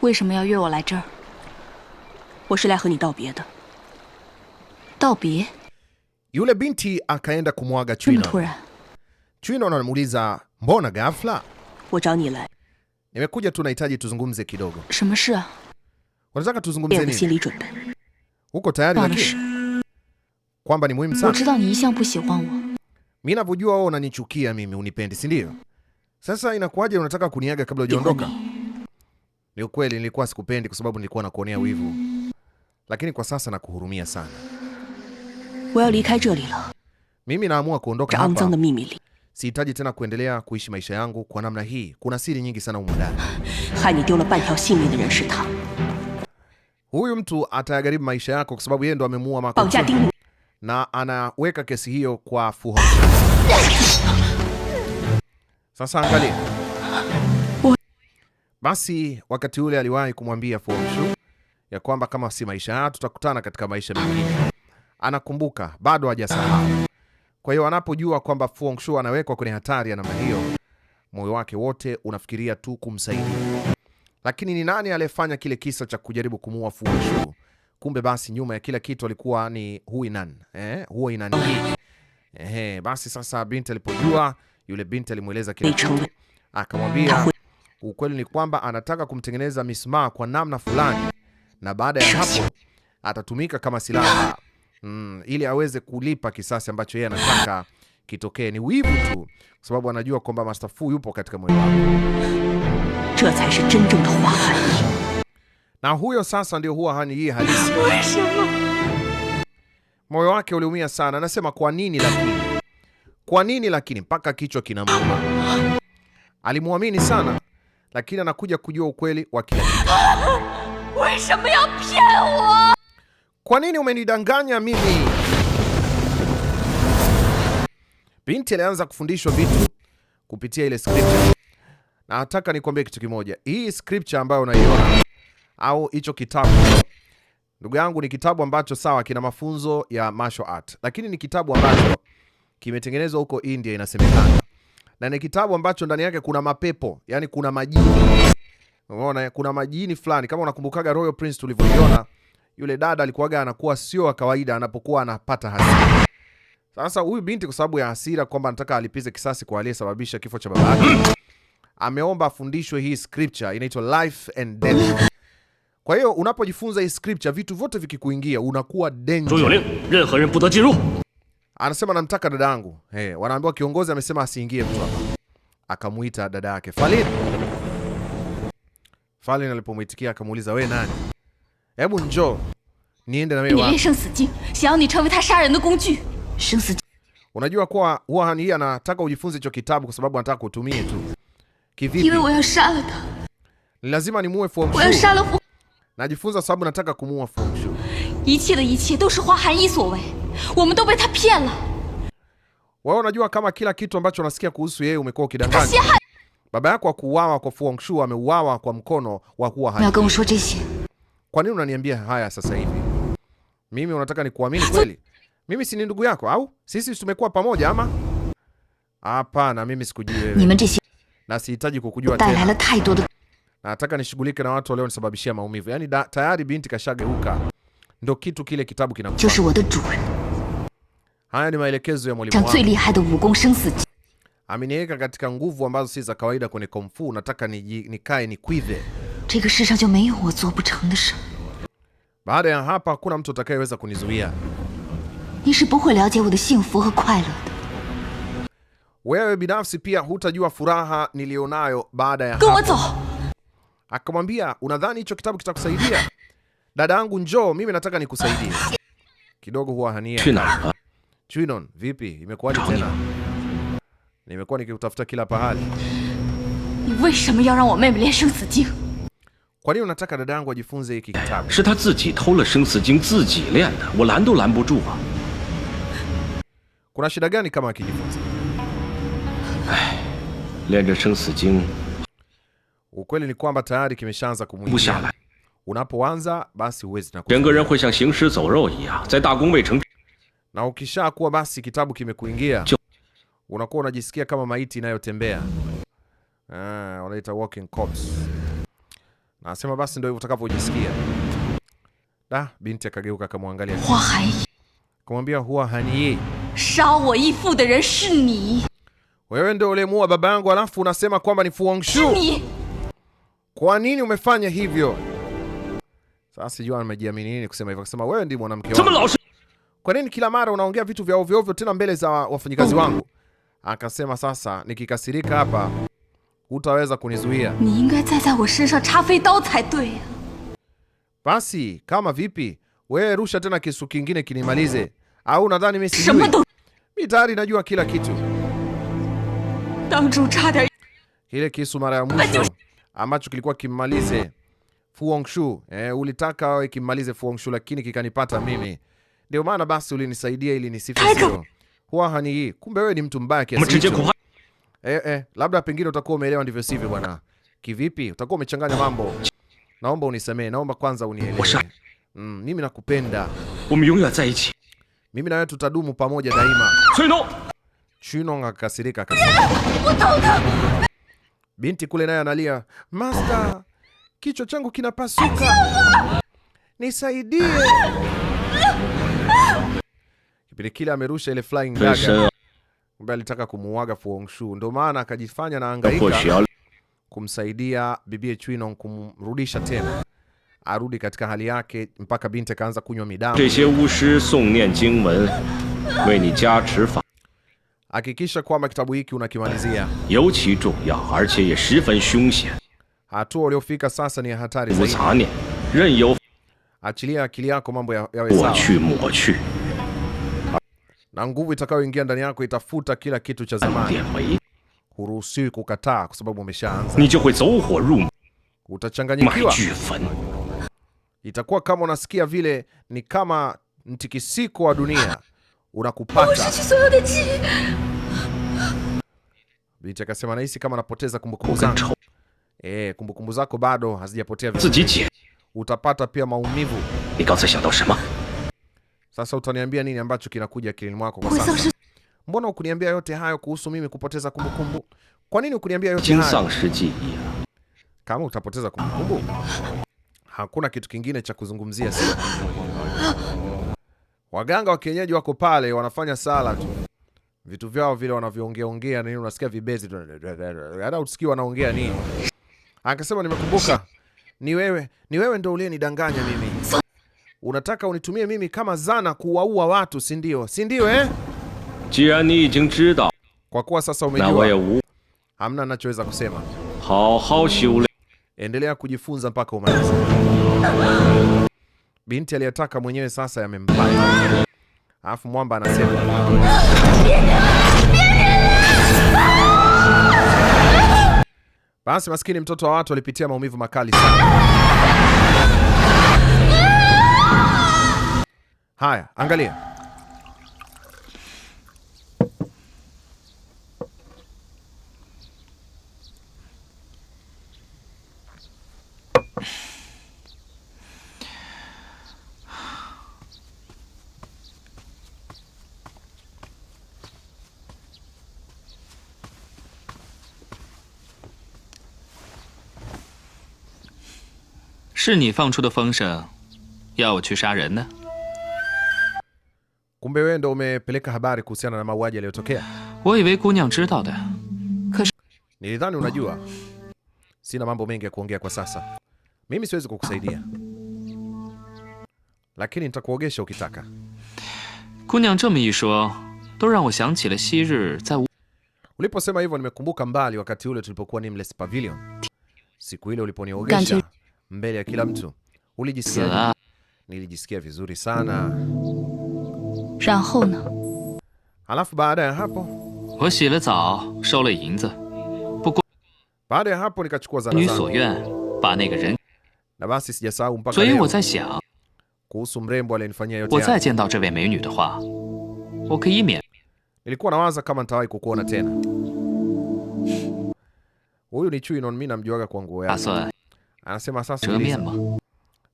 为什么要约我来这儿？我是来和你道别的。道别？Yule binti akaenda kumwaga Chwino. Chwino anamuuliza mbona ghafla? Nimekuja tu, nahitaji tuzungumze kidogo. Unataka tuzungumze nini? Uko tayari lakini? Kwamba ni muhimu sana. Mimi navyojua wewe unanichukia mimi, unipendi, si ndio? Sasa inakuwaje unataka kuniaga kabla hujaondoka? Ni ukweli nilikuwa sikupendi kwa sababu nilikuwa nakuonea wivu, lakini kwa sasa nakuhurumia sana. Mimi naamua kuondoka hapa, sihitaji tena kuendelea kuishi maisha yangu kwa namna hii. Kuna siri nyingi sana humu ndani. Huyu mtu atayagharibu maisha yako kwa sababu yeye ndo amemuua Mako na anaweka kesi hiyo kwa Fu Hongxue. Sasa angalia basi wakati ule aliwahi kumwambia Fu Hongxue ya kwamba kama si maisha haya tutakutana katika maisha mengine. Anakumbuka, bado hajasahau. Kwa hiyo anapojua kwamba Fu Hongxue anawekwa kwenye hatari ya namna hiyo, moyo wake wote unafikiria tu kumsaidia. Lakini ni nani aliyefanya kile kisa cha kujaribu kumuua Fu Hongxue? Kumbe basi nyuma ya kila kitu alikuwa ni Huinan. eh, Hu Nan. Eh, basi sasa binti alipojua, yule binti alimweleza kile kitu, akamwambia Ukweli ni kwamba anataka kumtengeneza misma kwa namna fulani, na baada ya hapo atatumika kama silaha mm, ili aweze kulipa kisasi ambacho yeye anataka kitokee. Ni wivu tu, kwa sababu anajua kwamba Master Fu yupo katika moyo wake, na huyo sasa ndio huwa hani hii halisi. Moyo wake uliumia sana, anasema kwa nini lakini, kwa nini lakini, mpaka kichwa kinamuuma. Alimwamini sana lakini anakuja kujua ukweli wa kila kwa nini umenidanganya mimi? Binti alianza kufundishwa vitu kupitia ile script. Na nataka nikwambie kitu kimoja, hii script ambayo unaiona au hicho kitabu, ndugu yangu, ni kitabu ambacho sawa kina mafunzo ya martial art, lakini ni kitabu ambacho kimetengenezwa huko India, inasemekana na ni kitabu ambacho ndani yake kuna mapepo, yani kuna majini. Unaona, kuna majini fulani. Kama unakumbukaga Royal Prince tulivyoiona, yule dada alikuwaga anakuwa sio wa kawaida anapokuwa anapata hasira. Sasa huyu binti kwa sababu ya hasira kwamba anataka alipize kisasi kwa aliyesababisha kifo cha baba yake, ameomba afundishwe hii scripture inaitwa life and death. Kwa hiyo unapojifunza hii scripture, vitu vyote vikikuingia unakuwa danger anasema namtaka dada yangu. Eh, wanaambiwa kiongozi amesema asiingie mtu hapa. Akamuita dada yake Falin. Falin alipomuitikia akamuuliza we nani? Hebu njoo. Niende na wewe. Unajua kuwa huwa hani hii anataka ujifunze hicho kitabu kwa sababu anataka kutumie tu. Kivipi? Lazima nimuue Fu Manchu. Najifunza sababu nataka kumuua Fu Manchu. 我们都被他骗了。Wewe unajua kama kila kitu ambacho unasikia kuhusu yeye umekuwa ukidanganya. Baba yako akuuawa kwa Fu Hongxue ameuawa kwa mkono wa kuwa hai. Kwa nini unaniambia haya sasa hivi? Mimi unataka nikuamini kweli? Mimi si ni ndugu yako au? Sisi tumekuwa pamoja ama? Hapana, mimi sikujui wewe. Na sihitaji kukujua tena. Nataka nishughulike na watu walionisababishia maumivu. Yaani tayari binti kashageuka. Ndio kitu kile kitabu kinakuwa. Haya ni maelekezo ya mwalimu wangu. Ameniweka katika nguvu ambazo si za kawaida kwenye kung fu. Nataka nikae ni nikwive. Baada ya hapa hakuna mtu atakayeweza kunizuia. Wewe binafsi pia hutajua furaha niliyonayo baada ya hapo. Akamwambia, unadhani hicho kitabu kitakusaidia? Dada yangu, njoo, mimi nataka nikusaidie kidogo. Huwa hania Chwinon, vipi? Imekuwaje tena? Nimekuwa nikikutafuta kila pahali. Kwa nini unataka dada yangu ajifunze hiki kitabu? Kuna shida gani kama akijifunza? Eh, Ukweli ni kwamba tayari kimeshaanza kumwingia. Unapoanza basi huwezi na na ukisha kuwa basi kitabu kimekuingia, unakuwa unajisikia kama maiti inayotembea ah, wanaita walking corpse. Nasema basi ndio utakavyojisikia. Da, binti akageuka akamwangalia, akamwambia huwa haniye. Shao ni. wewe ndio uliyemuua baba yangu, alafu unasema kwamba ni Fu Hongxue. Kwa nini umefanya hivyo? Sasa sijui amejiamini nini kusema hivyo, akasema wewe ndiye mwanamke wangu kwa nini kila mara unaongea vitu vya ovyo ovyo tena mbele za wafanyikazi wangu? Akasema sasa nikikasirika hapa hutaweza kunizuia. Basi kama vipi, wewe rusha tena kisu kingine kinimalize, au nadhani mimi sijui? Mimi tayari najua kila kitu. Kile kisu mara ya mwisho ambacho kilikuwa kimmalize Fu Hongxue, eh, ulitaka wewe kimmalize Fu Hongxue, lakini kikanipata mimi. Ndio maana basi ulinisaidia ili nisife, sio? Huwa hani hii, kumbe wewe ni mtu mbaya kiasi hicho. Eh, eh, labda pengine utakuwa umeelewa ndivyo sivyo bwana. Kivipi? Utakuwa umechanganya mambo. Naomba unisamehe, naomba kwanza unielewe. Mm, mimi nakupenda. Mimi na wewe tutadumu pamoja daima. Chino akakasirika akasema. Binti kule naye analia, "Master, kichwa changu kinapasuka. Nisaidie." Kipindi kile amerusha ile flying dagger ambaye alitaka kumuaga Fu Hongxue, ndio maana akajifanya na angaika kumsaidia Bibi Chwino kumrudisha tena arudi katika hali yake, mpaka binti akaanza kunywa midamu. Hakikisha kwamba kitabu hiki unakimalizia. Hatua uliofika sasa ni ya hatari zaidi. Achilia akili yako mambo yawe sawa na nguvu itakayoingia ndani yako itafuta kila kitu cha zamani. Huruhusiwi kukataa kwa sababu umeshaanza. Utachanganyikiwa. Itakuwa kama unasikia vile ni kama mtikisiko wa dunia unakupata. Binti akasema nahisi kama napoteza kumbukumbu zangu. Eh, kumbukumbu zako bado hazijapotea vizuri. Utapata pia maumivu. Sasa utaniambia nini ambacho kinakuja akilini mwako kwa sasa? Mbona ukuniambia yote hayo kuhusu mimi kupoteza kumbukumbu? Kwa nini ukuniambia yote hayo? Kama utapoteza kumbukumbu, hakuna kitu kingine cha kuzungumzia sasa. Waganga wa kienyeji wako pale wanafanya sala tu. Vitu vyao vile wanavyoongea ongea nini unasikia vibezi. Hata usikii wanaongea nini. Akasema nimekumbuka. Ni wewe, ni wewe ndio uliyenidanganya mimi. Unataka unitumie mimi kama zana kuwaua watu, si ndio? Si ndio eh? Kwa kuwa sasa umejua. Hamna anachoweza kusema. Endelea kujifunza mpaka umalize. Binti aliyetaka mwenyewe sasa yamempata. Alafu mwamba anasema basi, maskini mtoto wa watu alipitia maumivu makali sana. 嗨，安格里。是你放出的风声，要我去杀人呢？Kumbe wewe ndo umepeleka habari kuhusiana na mauaji yaliyotokea. Nilidhani unajua. Sina mambo mengi ya kuongea kwa sasa. Mimi siwezi kukusaidia. Lakini nitakuogesha ukitaka. Uliposema hivyo nimekumbuka mbali wakati ule tulipokuwa Nameless Pavilion. Siku ile uliponiogesha mbele ya kila mtu. Ulijisikia? Nilijisikia vizuri sana. 然后呢？Alafu baada ya hapo baada ya hapo nikachukua zana zangu na basi sijasahau mpaka leo kuhusu mrembo aliyenifanyia yote haya. Nilikuwa nawaza kama nitawahi kukuona tena. Huyu ni chui non, mimi namjuaga kwa nguo yake. Anasema sasa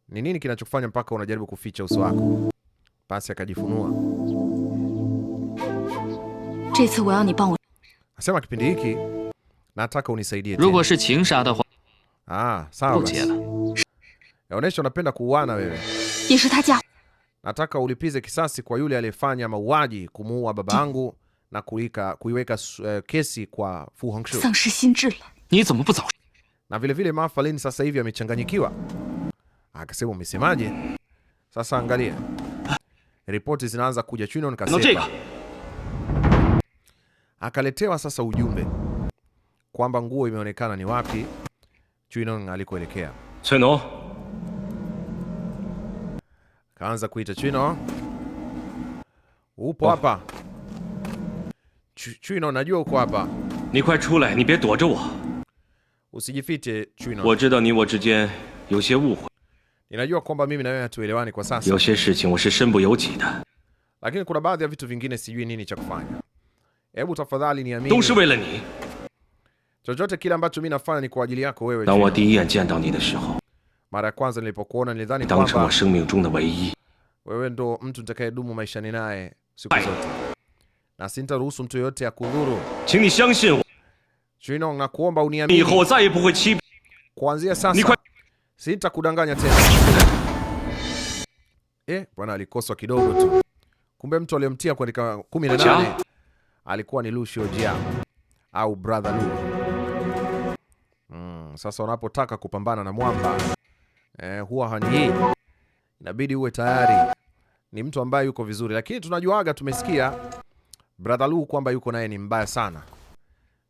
ni nini kinachokufanya mpaka unajaribu kuficha uso wako? Basi akajifunua 这次我要你帮我。Nasema kipindi hiki nataka unisaidie. Ah, sawa Yaonesha unapenda kuuana wewe. Nataka ulipize kisasi kwa yule aliyefanya mauaji, kumuua baba yangu na kuika, kuiweka uh, kesi kwa Fu Hongxue. Na vile vile Ma Fangling sasa hivi amechanganyikiwa. Akasema umesemaje? Sasa angalia. Ripoti zinaanza kuja Chunon kasema. Akaletewa sasa ujumbe kwamba nguo imeonekana ni wapi Chuinong alikoelekea. Chuino kaanza kuita Chuino, upo oh. hapa Chuino, najua uko hapa, ni kwa chulai, ni bie duo wa. wo, usijifiche Chuino, wo ni wajijen yoshe wuhu. xie ninajua kwamba mimi na wewe hatuelewani kwa sasa, Yoshe xie shiqing wo shi shen bu you lakini kuna baadhi ya vitu vingine sijui nini cha kufanya. Hebu tafadhali niamini. Tu Chochote kile ambacho mimi nafanya ni kwa ajili yako wewe. Na ni Mara ya kwanza nilipokuona nilidhani kwamba wewe ndo mtu nitakayedumu maisha ni naye siku zote. Na sintaruhusu mtu yoyote akudhuru. kuomba uniamini. Kuanzia sasa sitakudanganya tena. Eh, bwana alikoswa kidogo tu. Kumbe mtu aliyemtia kwa 18 alikuwa ni Lucio Jiang au brother Lu. Mm, sasa unapotaka kupambana na mwamba eh, huwa hani inabidi uwe tayari ni mtu ambaye yuko vizuri, lakini tunajuaga, tumesikia brother Lu kwamba yuko naye ni mbaya sana.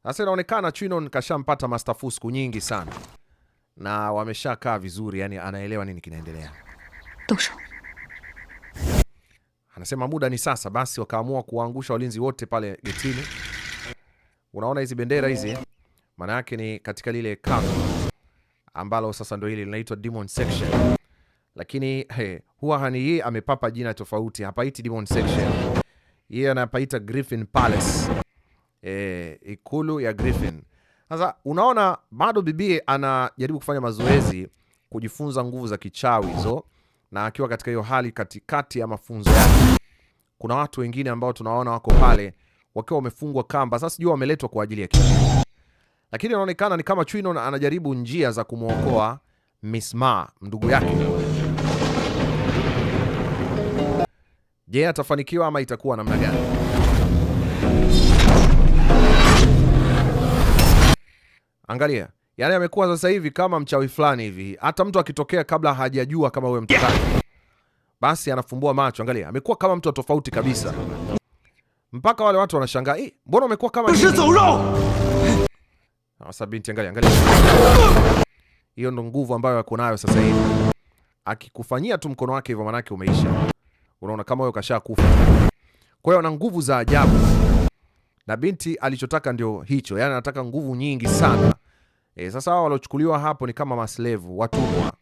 Sasa inaonekana Chino kashampata Master Fu siku nyingi sana na wameshakaa vizuri, yani anaelewa nini kinaendelea. Tushu. Anasema muda ni sasa. Basi wakaamua kuwaangusha walinzi wote pale getini. Unaona hizi bendera hizi, maana yake ni katika lile kafu ambalo sasa ndo hili linaitwa Demon Section, lakini hey, huwa hani hii amepapa jina tofauti, hapaiti Demon Section, yeye anapaita Griffin Palace, eh, ikulu ya Griffin. Sasa unaona bado bibie anajaribu kufanya mazoezi kujifunza nguvu za kichawi hizo so, na akiwa katika hiyo hali katikati ya mafunzo yake, kuna watu wengine ambao tunawaona wako pale wakiwa wamefungwa kamba. Sasa sijui wameletwa kwa ajili ya kitu, lakini inaonekana ni kama Chwino anajaribu njia za kumwokoa Misma, ndugu yake. Je, atafanikiwa ama itakuwa namna gani? Angalia yani amekuwa sasa hivi kama mchawi fulani hivi, hata mtu akitokea kabla hajajua kama wewe mtotaki, basi anafumbua macho. Angalia, amekuwa kama mtu tofauti kabisa, mpaka wale watu wanashangaa, eh, mbona umekuwa kama sasa. Binti angalia, angalia, hiyo ndo nguvu ambayo ako nayo sasa hivi. Akikufanyia tu mkono wake hivyo, manake umeisha. Unaona kama wewe kashakufa. Kwa hiyo ana nguvu za ajabu, na binti alichotaka ndio hicho, yani anataka nguvu nyingi sana E, sasa hao waliochukuliwa hapo ni kama maslevu, watumwa.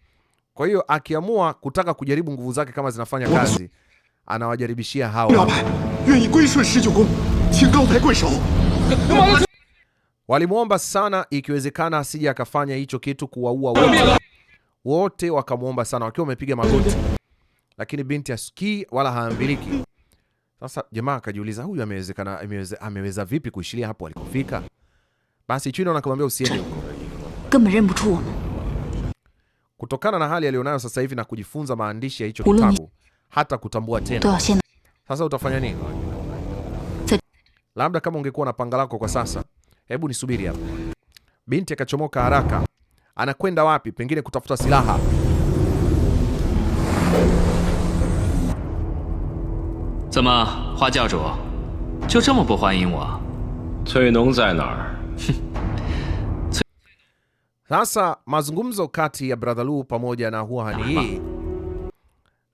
Kwa hiyo akiamua kutaka kujaribu nguvu zake kama zinafanya kazi, anawajaribishia hao. Walimwomba sana ikiwezekana asije akafanya hicho kitu kuwaua wote. Wote wakamwomba sana wakiwa wamepiga magoti. Lakini binti asikii wala haambiliki. Sasa jamaa akajiuliza huyu amewezekana ameweza, ameweza vipi kuishilia hapo alikofika? Basi Chino anakamwambia usiende huko. 根本认不出我们。Kutokana na hali aliyonayo sasa hivi na kujifunza maandishi ya hicho kitabu hata kutambua tena. Sasa utafanya nini? Labda kama ungekuwa na panga lako kwa sasa. Hebu nisubiri hapa. Binti akachomoka haraka. Anakwenda wapi? Pengine kutafuta silaha. Zama, Hua Jiao Zhuo. Jo zhe bu huan yin Cui Nong zai nar? Sasa mazungumzo kati ya Brother Lu pamoja na Hua Hani hii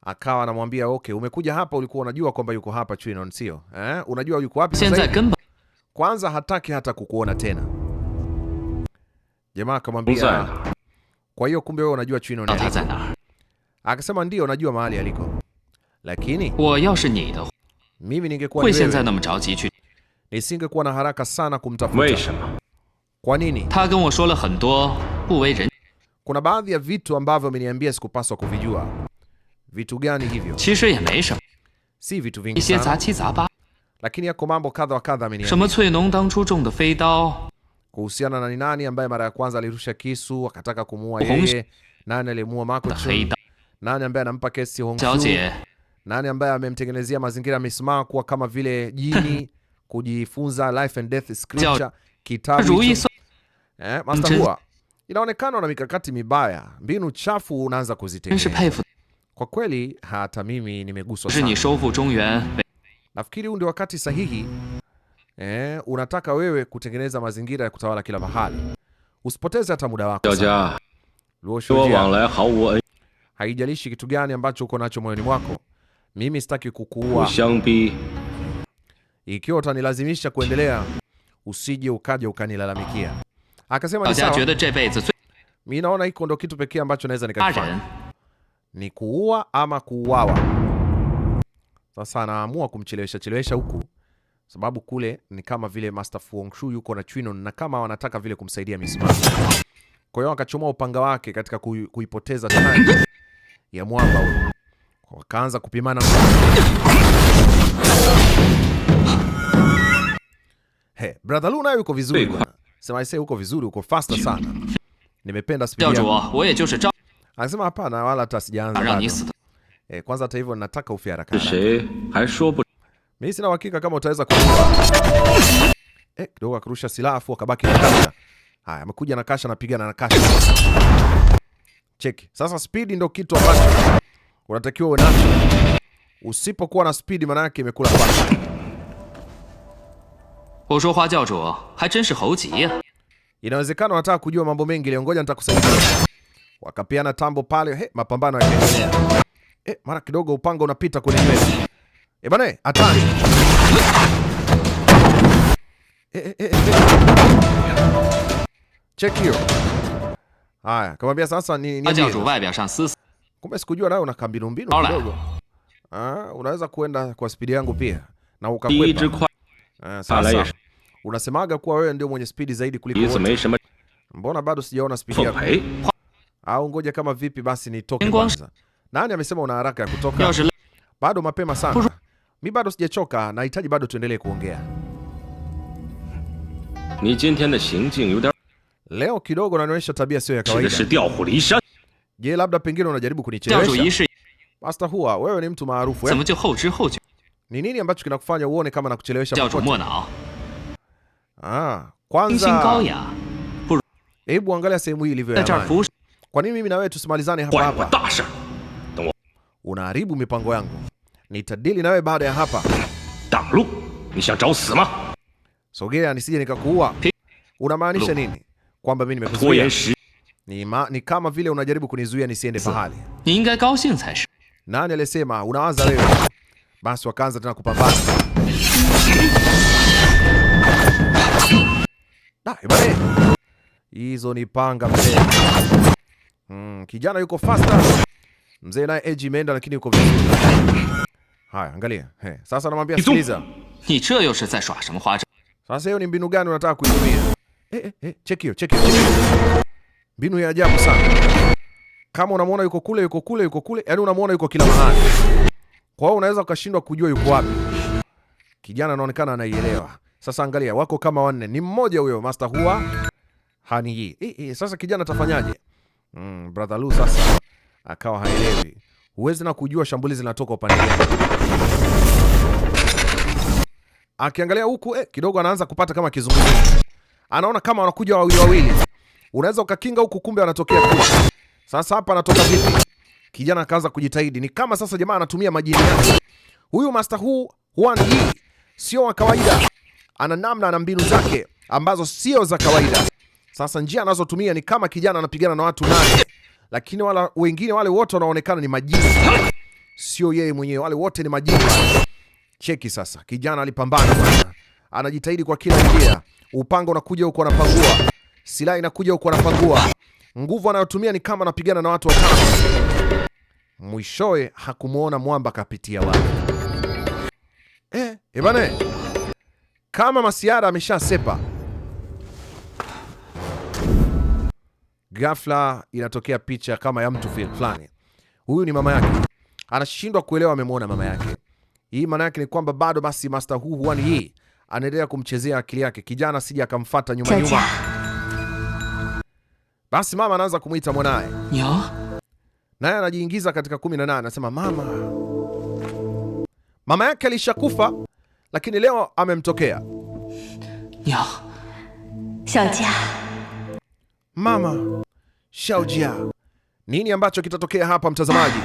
akawa anamwambia okay, umekuja hapa, ulikuwa unajua kwamba yuko hapa Chinon, sio eh? Unajua yuko wapi sasa? Kwanza hataki hata kukuona tena. Jamaa akamwambia, kwa hiyo kumbe wewe unajua Chinon. Akasema ndio, unajua mahali aliko, lakini mimi ningekuwa nisingekuwa na haraka sana kumtafuta kwa nini? Ta wo bu wei ren. Kuna baadhi ya vitu ambavyo ameniambia sikupaswa kuvijua. Vitu gani hivyo? Si vitu vingi za za ba. Lakini yako mambo kadha wa kadha ameniambia. cui nong dang chu zhong de fei dao. Kuhusiana na ni nani ambaye mara ya kwanza alirusha kisu akataka kumuua yeye, nani alimuua Ma Kongqun, nani ambaye anampa kesi Hong Su, nani ambaye amemtengenezea mazingira mismaa kuwa kama vile jini, kujifunza life and death scripture kitabu Eh, Master Hua, inaonekana una mikakati mibaya, mbinu chafu unaanza kuzitengeneza. Kwa kweli hata mimi nimeguswa sana. Nafikiri huu ndio wakati sahihi. Eh, unataka wewe kutengeneza mazingira ya kutawala kila mahali. Usipoteze hata muda wako. Haijalishi kitu gani ambacho uko nacho moyoni mwako. Mimi sitaki kukuua. Ikiwa utanilazimisha kuendelea, usije ukaja ukanilalamikia. Akasema ni sawa. Mimi naona hiko ndo kitu pekee ambacho naweza nikakifanya. Ni kuua ama kuuawa. Sasa anaamua kumchelewesha chelewesha huku sababu kule ni kama vile Master Fu Hongxue yuko na Chino na kama wanataka vile kumsaidia misimamo. Kwa hiyo akachomoa upanga wake katika kuipoteza tani ya mwamba huyo. Wakaanza kupimana. Hey, brother Luna yuko vizuri bwana. Sema uko vizuri, uko faster sana. Nimependa speed yako. Anasema hapana, wala hata sijaanza. Eh, kwanza hata hivyo nataka ufe haraka haraka. Mimi sina uhakika kama utaweza kurusha. Eh, kidogo akarusha silaha afu akabaki na kasha. Haya, amekuja na kasha, anapigana na kasha. Cheki. Sasa speed ndio kitu ambacho unatakiwa uwe nacho. Usipokuwa na speed maana yake imekula kwako. Inawezekana wanataka kujua mambo mengi leo, ngoja nitakusaidia. Wakapeana tambo pale, he, mapambano yakaendelea. Eh, mara kidogo upanga unapita kwenye nywele. Eh, bana, eh, hatari. Eh eh, eh, eh, eh. Check hiyo. Haya, kamwambia sasa ni ni. Kumbe sikujua nawe una kambi mbinu kidogo. Ah, unaweza kuenda kwa spidi yangu pia na ukakwepa. Eh, ah, sasa unasemaga kuwa wewe ndio mwenye spidi zaidi kuliko wote. Mbona bado sijaona spidi yako? Au ngoja kama vipi basi nitoke kwanza. Nani amesema una haraka ya kutoka? Bado mapema sana. Mi bado sijachoka, nahitaji bado tuendelee kuongea. Leo kidogo naonyesha tabia sio ya kawaida. Je, labda pengine unajaribu kunichelewesha? Basta, huwa wewe ni mtu maarufu. eh? Ni nini ambacho kinakufanya uone kama nakuchelewesha? Ah, kwanza hebu angalia sehemu hii ilivyo. Kwa nini mimi na wewe tusimalizane hapa hapa? Unaharibu mipango yangu. Nitadili na wewe baada ya hapa. Sogea nisije nikakuua. Unamaanisha nini? Kwamba mimi nimekuzuia? Ni, ma, ni kama vile unajaribu kunizuia nisiende pahali. Nani alisema? Unawaza wewe. Basi wakaanza tena kupambana. Hizo ni panga mzee. Mm, kijana yuko faster. Mzee naye Eji imeenda lakini yuko vizuri. Haya, angalia. He, sasa namwambia sikiliza. Ni che yo shi zai shua shenme hua Sasa hiyo ni mbinu gani unataka kuitumia? Eh, eh, eh check hiyo, check hiyo. Mbinu ya ajabu sana. Kama unamwona yuko kule, yuko kule, yuko kule, yani unamwona yuko kila mahali. Kwa hiyo unaweza ukashindwa kujua yuko wapi. Kijana anaonekana anaielewa. Sasa angalia, wako kama wanne, ni mmoja huyo master huwa hani hii. Sasa kijana atafanyaje? Mm, brother Lu sasa akawa haelewi. Huwezi na kujua shambulizi linatoka upande gani. Akiangalia huku eh, kidogo anaanza kupata kama kizunguzungu. Anaona kama wanakuja wawili wawili. Unaweza ukakinga huku kumbe wanatokea kule. Sasa hapa anatoka vipi? Kijana akaanza kujitahidi, ni kama sasa jamaa anatumia majini yake. Huyu master huu Huan Yi sio wa kawaida, ana namna na mbinu zake ambazo sio za kawaida. Sasa njia anazotumia ni kama kijana anapigana na watu nane, lakini wala wengine wale wote wanaonekana ni majini, sio yeye mwenyewe, wale wote ni majini. Cheki sasa, kijana alipambana sana, anajitahidi kwa kila njia. Upanga unakuja huko anapangua, silaha inakuja huko anapangua, nguvu anayotumia ni kama anapigana na watu watano mwishowe hakumwona mwamba kapitia wapi. Eh, ebane, kama Masiara ameshasepa, ghafla inatokea picha kama ya mtu fulani. Huyu ni mama yake, anashindwa kuelewa amemwona mama yake. Hii maana yake ni kwamba bado basi Master huu Huan hii anaendelea kumchezea akili yake kijana, sija akamfata nyuma nyuma. Basi mama anaanza kumwita mwanaye naye anajiingiza katika 18, anasema mama, mama yake alishakufa, lakini leo amemtokea Mama Shaojia, nini ambacho kitatokea hapa mtazamaji?